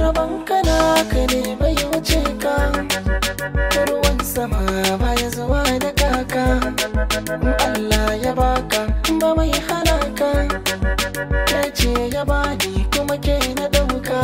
rabon kana ka ne bai wuce ka ruwan sama baya zuwa da kaka Allah ya baka ba mai hana ka ya ce ya bani kuma ke na ɗauka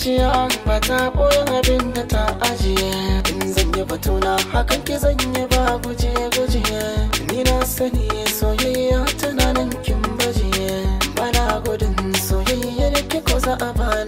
zuciya ba ta ɓoyin abin da ta ajiye in zan yi batuna hakan ki zan yi ba guje guje ni na sani soyayya tana kin bajiye bana gudun soyayya da ki kusa a baya